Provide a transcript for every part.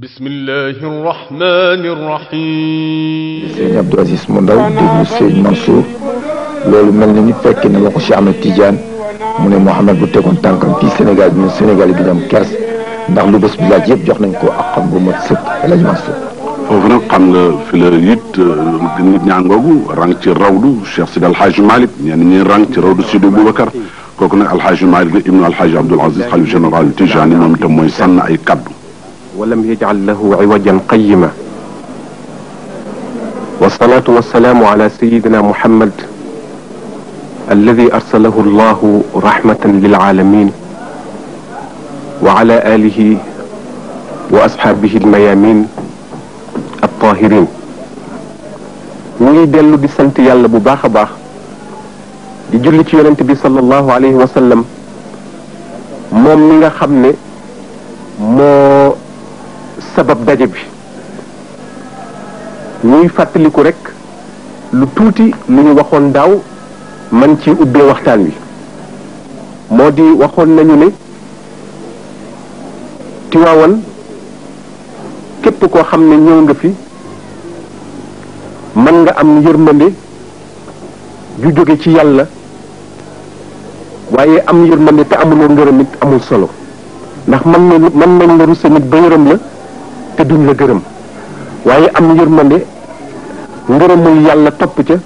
bismillahi rahmani rahim sëñ Abdou Aziz mu ndaw déglu sëñ Mansour loolu mel na ni fekk na waxu Cheikh Ahmed Tidiane mu ne Mouhamed bu tegoon tànkam fii Sénégal ñun Sénégal gi dem kers ndax lu bés bi laaj yëpp jox nañ ko ak xam bu mat sëkk El Hadj Mansour foofu nag xam nga fi la it euh, nit ñaangoogu rang ci rawdu Cheikh Sidi El Hadj Malick ñenn ñi rang ci rawdu Sidi Boubacar kooku nag El Hadj Malick la ibnu El Hadj Abdoul Aziz xalif général Tijani moom itam mooy sànn ay kaddu walam yajcal lahu ciwajan qayima wasalaatu wasalaamu ala sayidina muhammad alladi arsalahu allahu rahmatan lilaalamin wa ala alihi wa asxaabihi almayamin altahirin ñu ngi dellu di sant yàlla bu baax a baax di julli ci yonent bi sallallahu alayhi wa sallam moom mi nga xam ne moo sabab daje bi ñuy fàttaliku rek lu tuuti lu ñu waxoon daaw man ci ubbee waxtaan wi moo di waxoon nañu ni Tiwaawan képp koo xam ne ñëw nga fi mën nga am yërmande ju jóge ci yàlla waaye am yërmande te amuloo ngërëm it amul solo ndax man na mën nañ la ruse nit ba yërëm la te duñ la gërëm waaye am yërmande ngërëmul yàlla topp ca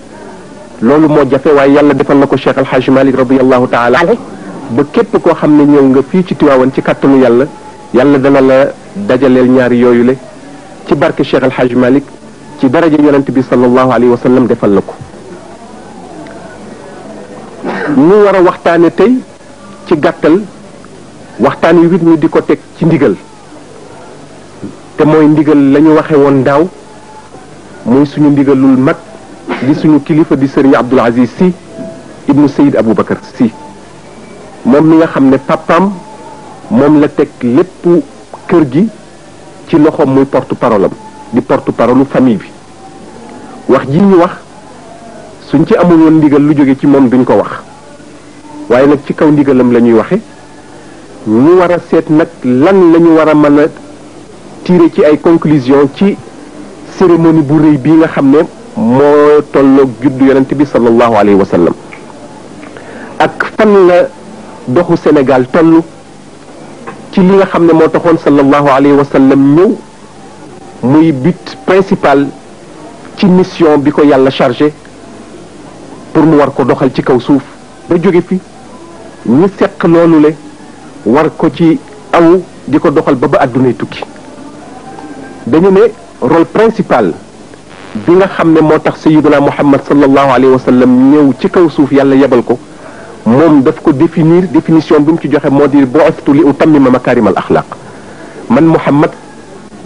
loolu moo jafe waaye yàlla defal na ko Cheikh Al Hadj Malick radiyallahu taala ba képp koo xam ne ñëw nga fii ci Tiwaawan ci kàttanu yàlla yàlla dana la dajaleel ñaari yooyu le ci barke Cheikh Al Hadj Malick ci daraja yonent bi sallallahu alayhi wa sallam defal na ko ñu war a waxtaane tey ci gàttal waxtaan wi wit ñu di ko teg ci ndigal te mooy ndigal la ñu waxe woon daaw muy suñu ndigalul mag di suñu kilifa di sëriñ Abdoul Aziz si ibnu Seyid Aboubacar si moom mi nga xam ne papam moom la teg lépp kër gi ci loxoom muy porte parole am di porte parole famille bi wax ji ñu wax suñ ci amul woon ndigal lu jóge ci moom duñ ko wax waaye nag ci kaw ndigalam la ñuy waxe ñu war a seet nag lan lañu ñu war a mën a tirer ci ay conclusion ci cérémonie bu rëy bi nga xam ne moo tolloog juddu yonent bi sallallahu alayhi wa sallam ak fan la doxu senegal toll ci li nga xam ne moo taxoon sallallahu alayhi wa sallam ñëw muy bit principal ci mission bi ko yàlla chargé pour mu war ko doxal ci kaw suuf ba jóge fi ñu seq loolu le war ko ci aw di ko doxal ba ba àddunay tukki dañu ne rôle principal bi nga xam ne moo tax sayiduna muhammad sallallahu alayhi wa sallam ñëw ci kaw suuf yàlla yebal ko moom daf ko définir définition bi mu ci joxe moo di bu'ithtu li utammima makarim al axlaq man muhammad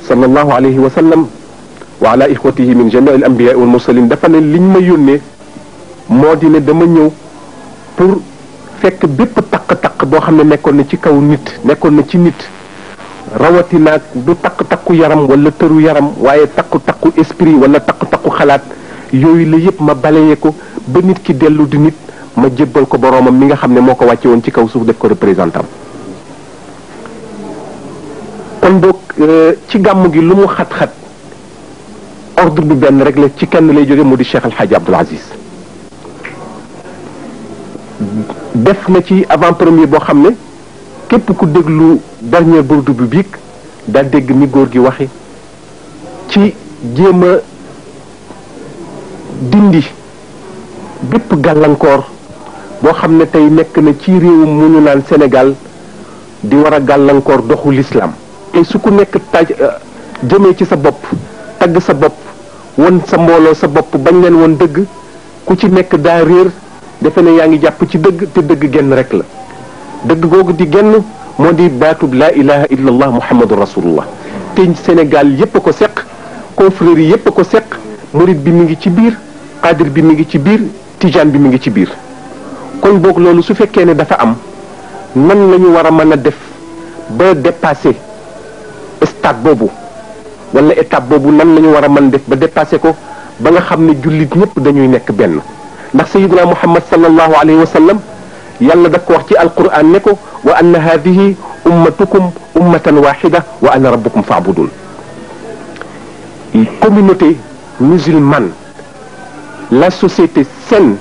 sallallahu alayhi wa sallam wa ala ixwatihi min jami al anbiya wal mursalin dafa ne liñ ma yónnee moo di ne dama ñëw pour fekk bépp taq-taq boo xam ne nekkoon na ci kaw nit nekkoon na ci nit rawatinaak du takk-takku yaram walla tëru yaram waaye takku-takku esprit wala takku-takku xalaat yooyu la yëpp ma balayee ko ba nit ki dellu di nit ma jébbal ko boroomam mi nga xam ne moo ko wàcce woon ci kaw suuf def ko représentant kon boog euh, ci gàmm gi lu mu xat-xat ordre bi benn rek ci kenn lay jóge mu di Cheikh El Hadj Abdoul Aziz def na ci avant premier boo xam ne képp ku déglu dernier burdu bi biig daa dégg ni góor gi waxe ci jéem a dindi bépp gàllankoor boo xam ne tey nekk na ci réew mu ñu naan Sénégal di war a gàllankoor doxu lislaam tey su ku nekk taj euh, jëmee ci sa bopp tagg sa bopp wan sa mbooloo sa bopp bañ leen woon dëgg ku ci nekk daa réer defe ne yaa ngi jàpp ci dëgg te dëgg genn rek la dëgg googu di genn moo di baatu laa ilaha illa allah muhammadu rasulullah te Sénégal yépp a ko seq confrérie yépp a ko seq murit bi mi ngi ci biir xaadir bi mi ngi ci biir tijaan bi mi ngi ci biir kon boog loolu su fekkee ne dafa am nan la ñu war a mën a def ba dépasser stade boobu wala étape boobu nan la ñu war a mën def ba dépasser ko ba nga xam ne jullit ñëpp dañuy nekk benn ndax sayyidina muhammad sallallahu alayhi wa sallam yàlla daf ko ci alquran ne ko wa anna hadihi ummatukum ummatan wahida wa ana rabbukum faabudun communauté musulmane la société saine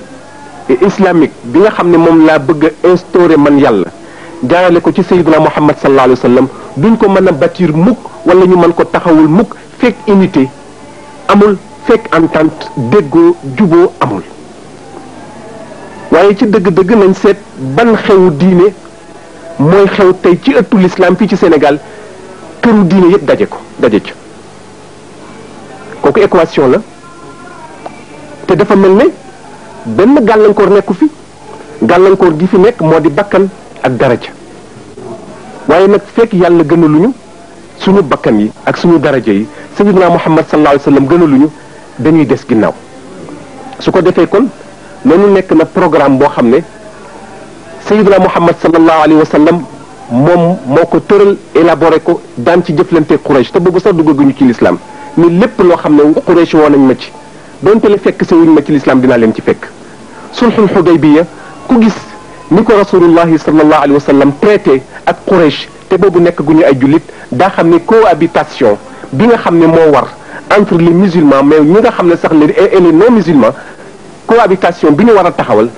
et islamique bi nga xam ne moom laa bëgg a man yàlla jaarale ko ci sayyidina muhammad sallallahu alayhi wa sallam duñ ko mën a bâtir mukk wala ñu mën ko taxawul mukk fekk unité amul fekk entente déggo juboo amul waaye ci dëgg-dëgg nañ seet ban xewu diine mooy xew tey ci ëttu lislaam fii ci Sénégal këru diine yëpp daje ko daje ca kooku équation la te dafa mel ne benn gàllankoor nekku fi gàllankoor gi fi nekk moo di bakkan ak daraja waaye nag fekk yàlla gënaluñu suñu bakkan yi ak suñu daraja yi sayyidina Muhammad sallallahu alayhi wa sallam gënaluñu dañuy des ginnaaw su ko defee kon loolu nekk na programme boo xam ne Sayyidina Muhammad sallallahu alayhi wa sallam moom moo ko tëral élabore ko daan ci jëflante Quraysh te boobu sax duggaguñu ci lislaam ni lépp loo xam ne Quraysh woo nañ ma ci donte le fekk si wuñ ma ci lislaam dinaa leen ci fekk sulxul Xudaybiya ku gis ni ko rasulullahi sallallahu alayhi wa sallam traité ak Quraysh te boobu nekk guñu ay jullit daa xam ne cohabitation bi nga xam ne moo war entre les musulmans mais ñi nga xam ne sax les cohabitation bi ñu war a taxawal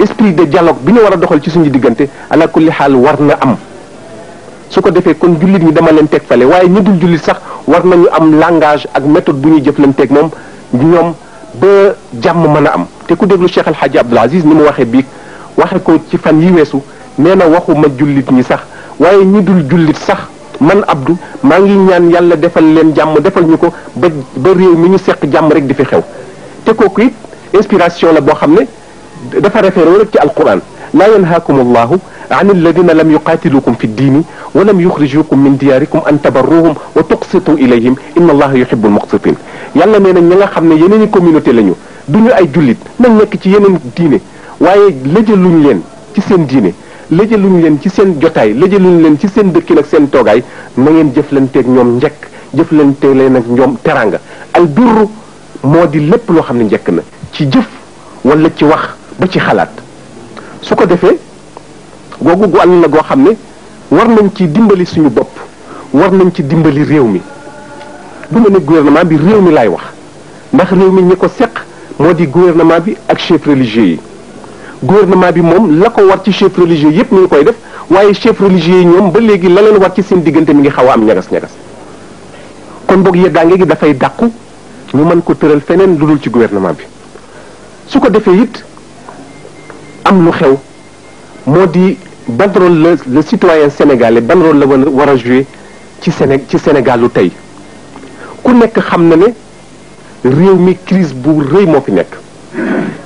esprit de dialogue bi ñu war a doxal ci suñu diggante ala kulli xaal war na am su ko defee kon jullit ñi dama leen teg fale waaye ñu dul jullit sax war nañu am langage ak méthode bu ñuy jëflanteeg moom ñoom ba jàmm mën am te ku déglu Cheikh El Hadj ni mu waxee biig waxe ko ci fan yi weesu nee na waxuma jullit ñi sax waaye ñu dul jullit sax man Abdou maa ngi ñaan yàlla defal leen jàmm defal ñu ko ba ba réew mi ñu seq jàmm rek di fi xew te kooku it inspiration la boo xam ne dafa référé rek ci alquran laa yanhaakum allahu an alladina lam yuqaatilukum fi ddiini wa lam yuxrijukum min diyaarikum an tabarruhum wa tuqsitu ilayhim inna allaha yuhibbul muqsitin yàlla nee na ñi nga xam ne yeneen i communauté la ñu du ñu ay jullit nañ nekk ci yeneen diine waaye la lëjaluñ leen ci seen diine lëjaluñ leen ci seen jotaay lëjaluñ leen ci seen dëkkin ak seen toogaay na ngeen jëflanteeg ñoom njëkk jëflante leen ak ñoom teranga albirru moo di lépp loo xam ne njëkk na ci jëf wala ci wax ba ci xalaat su ko defee googu gu àll la goo xam ne war nañ ci dimbali suñu bopp war nañ ci dimbali réew mi du ma ne gouvernement bi réew mi laay wax ndax réew mi ñi ko seq moo di gouvernement bi ak chef religieux yi gouvernement bi moom la ko war ci chef religieux yépp ñu ngi koy def waaye chef religieux yi ñoom ba léegi la leen war ci seen diggante mi ngi xaw a am ñagas-ñagas kon boog yeddaange gi dafay dàqu ñu mën ko tëral feneen lu ci gouvernement bi su ko defee it am lu xew moo di ban rôle la le citoyen sénégalais ban rôle la war a jouer ci Séné ci Sénégal lu tey ku nekk xam na ne réew mi crise bu rëy moo fi nekk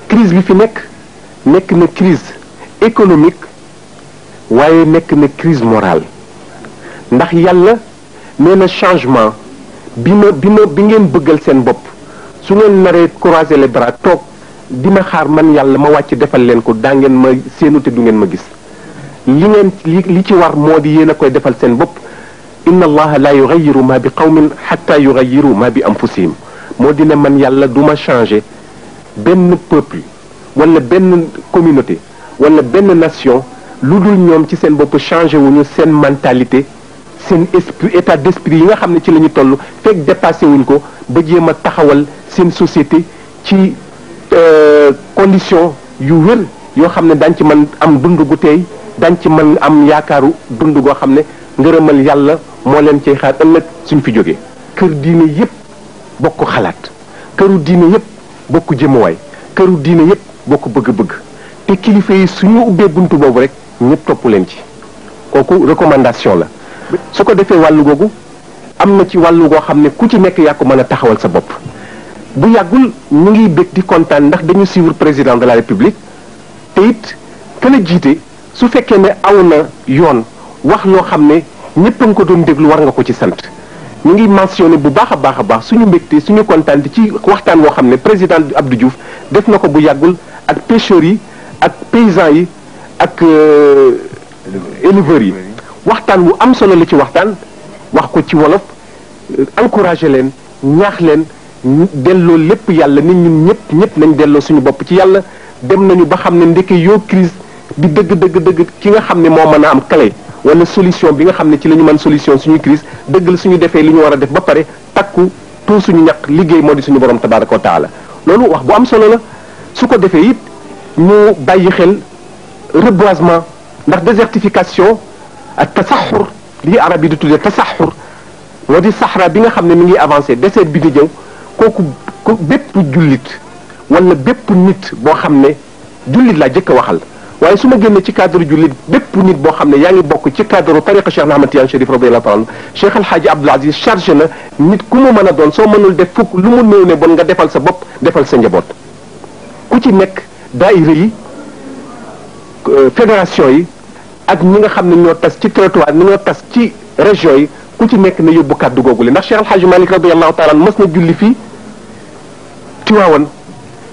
crise bi fi nekk nekk na crise économique waaye nekk na crise morale ndax yàlla nee na changement bi ma bi ma bi ngeen bëggal seen bopp su ngeen naree croiser les bras di xaar man yàlla ma wàcc defal leen ko daa ngeen ma séenu te du ngeen ma gis li ngeen li ci war moo di yéen a koy defal seen bopp inna allaha la yugayiru ma bi qawmin xatta yugayiru ma bi am anfusihim moo di ne man yàlla du ma changé benn peuple wala benn communauté wala benn nation lu dul ñoom ci seen bopp changé wuñu seen mentalité seen esprit état d'esprit yi nga xam ne ci la ñu toll fekk dépassé wuñ ko ba jéem a taxawal seen société ci Euh, condition yu wér yoo xam ne dañ ci mën am dund gu tey dañ ci mën am yaakaaru dund goo xam ne ngërëmal yàlla moo leen cay xaar ëllëg suñ fi jógee kër diine yépp bokk xalaat këru diine yépp bokk jëmuwaay këru diine yépp bokk bëgg-bëgg te kilifa yi suñu ubbee buntu boobu rek ñépp topp leen ci kooku recommandation la su ko defee wàll googu am na ci wàll goo xam ne ku ci nekk yaa ko mën a taxawal sa bopp bu yàggul mu ngi bég di kontaan ndax dañu suivre président de la république te it kën a jiite su fekkee ne aw na yoon wax loo xam ne ñëpp a nga ko doon déglu war nga ko ci sant ñu ngi mentionné bu baax a baax a baax suñu mbégte suñu kontaan di ci waxtaan woo xam ne président Abdou juuf def na ko bu yàggul ak pêcheurs yi ak paysans yi ak euh, éleveurs yi waxtaan wu am solo la ci waxtaan wax ko ci wolof euh, encouragé leen ñaax leen delloo lépp yàlla nit ñun ñëpp ñëpp nañ delloo suñu bopp ci yàlla dem nañu ba xam ne ndeke yoo crise di dëgg dëgg dëgg ki nga xam ne moo mën a am clé wala solution bi nga xam ne ci la ñu mën solution suñu crise dëgg suñu defee li ñu war a def ba pare takku tout suñu ñaq liggéey moo di suñu borom tabaraka wa loolu wax bu am solo la su ko defee it ñu bàyyi xel reboisement ndax désertification ak tasaxur lii arab yi di tuddee tasaxur moo di saxra bi nga xam ne mi ngi avancé désert bi di jëw kooku ko bépp jullit wala bépp nit boo xam ne jullit laa jëkk waxal waaye su ma génnee ci cadre jullit bépp nit boo xam ne yaa ngi bokk ci cadre tariqa Cheikh Ahmad Tidiane Chérif radiyallahu taala Cheikh El Hadji Abdoul Aziz chargé na nit ku mu mën a doon soo mënul def fukk lu mu néew ne bon nga defal sa bopp defal sa njaboot ku ci nekk daayira yi euh, fédération yi ak ñi nga xam ne ñoo tas ci territoire ñi ñoo tas ci région yi ku ci nekk na yóbbu kàddu googu li ndax Cheikh El Hadji Malick radiyallahu taala mës julli fii Tiwaawan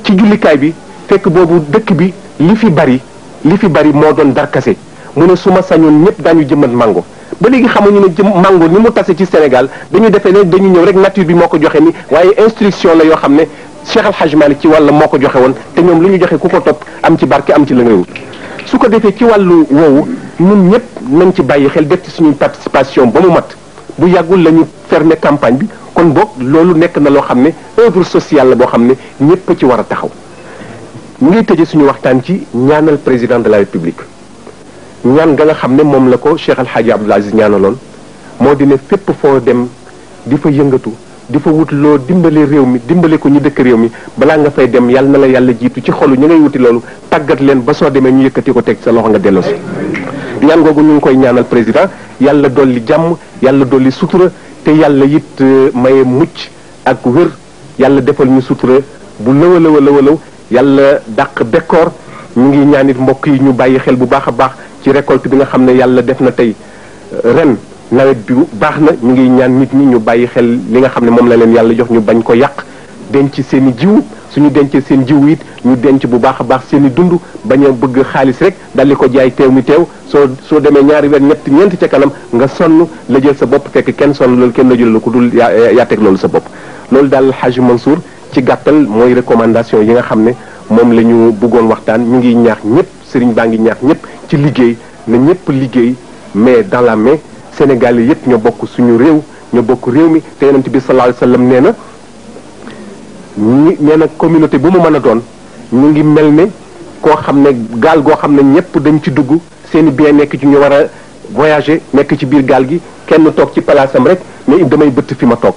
ci jullikaay bi fekk boobu dëkk bi li fi bari li fi bari moo doon darkase mu ne su ma sañoon ñëpp daañu jëmbat mango ba léegi xamuñu ne jëm mango ni mu tase ci Sénégal dañu defee ne dañu ñëw rek nature bi moo ko joxe ni waaye instruction la yoo xam ne Cheikh Al Hadj Malick ci wàll moo ko joxe woon te ñoom lu ñu joxe ku ko topp am ci barke am ci la ngay wut su ko defee ci wàllu woowu mun ñëpp nañ ci bàyyi xel def ci suñu participation ba mu mat bu yàggul la ñu fermer campagne bi kon boog loolu nekk na loo xam ne œuvre sociale la boo xam ne ñëpp ci war a taxaw ñu ngi tëje suñu waxtaan ci ñaanal président de la république ñaan nga nga xam ne moom la ko Cheikh Alhaaji Abdoul Aziz ñaanaloon moo di ne fépp foo dem di fa yëngatu di fa wut loo dimbale réew mi dimbale ko ñu dëkk réew mi balaa nga fay dem yàlla na la yàlla jiitu ci xolu ñu ngay wuti loolu tàggat leen ba soo demee ñu yëkkati ko teg sa loxo nga delloosi ñaan googu ñu ngi koy ñaanal président yàlla dolli jàmm yàlla dolli sutura te yàlla it euh, maye mucc ak wër yàlla defal ñu sutura bu lëw a yàlla dàq bekkoor ñu ngi ñaanit mbokk yi ñu bàyyi xel bu baax a baax ci récolte bi nga xam ne yàlla def na tey ren nawet bi baax na ñu ngi ñaan nit ñi ñu bàyyi xel li nga xam ne moom la leen yàlla jox ñu bañ ko yàq denc seen i jiw suñu dencee seen jiw it ñu denc bu baax a baax seen i dund bañ a bëgg xaalis rek dalli ko jaay teew mi teew soo soo demee ñaari weer ñett ñeent ca kanam nga sonn la jël sa bopp fekk kenn sonn loolu kenn la jël la ko dul yaa teg loolu sa bopp loolu daal Hadj Mansour ci gàttal mooy recommandation yi nga xam ne moom la ñu bëggoon waxtaan mu ngi ñaax ñëpp sëriñ baa ngi ñaax ñëpp ci liggéey na ñëpp liggéey mais dans Sénégal yi yëpp ñoo bokk suñu réew ñoo bokk réew mi te bi sallallahu alayhi wa sallam nee na ñi nee na communauté bu mu mën a doon ñu ngi mel ne koo xam ne gaal goo xam ne ñëpp dañ ci dugg seen bien nekk ci ñu war a voyager nekk ci biir gaal gi kenn toog ci palaasam rek mais damay bëtt fi ma toog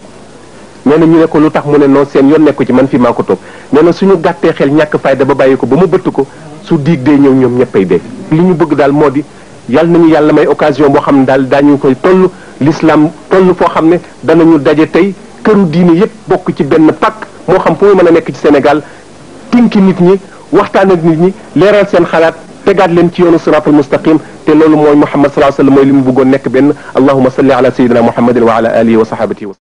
nee na ñu ne ko lu tax mu ne noo seen yoon nekku ci man fi maa ko toog nee na suñu gàttee xel ñàkk fayda ba bàyyi ko ba mu bëtt ko su diig dee ñëw ñoom ñëppay dee li ñu bëgg daal moo di yàlla nañu yàlla may occasion boo xam ne daal daañu koy toll l'islam toll foo xam ne danañu daje tey këru diine yépp bokk ci benn pàkk moo xam fu muy mën a nekk ci Sénégal tinki nit ñi waxtaan ak nit ñi leeral seen xalaat tegaat leen ci yoonu siraatal mustaqim te loolu mooy Muhammad sallallahu alayhi wa sallam mooy li mu bëggoon nekk benn allahumma salli ala sayyidina muhammadin wa ala alihi wa sahabatihi wa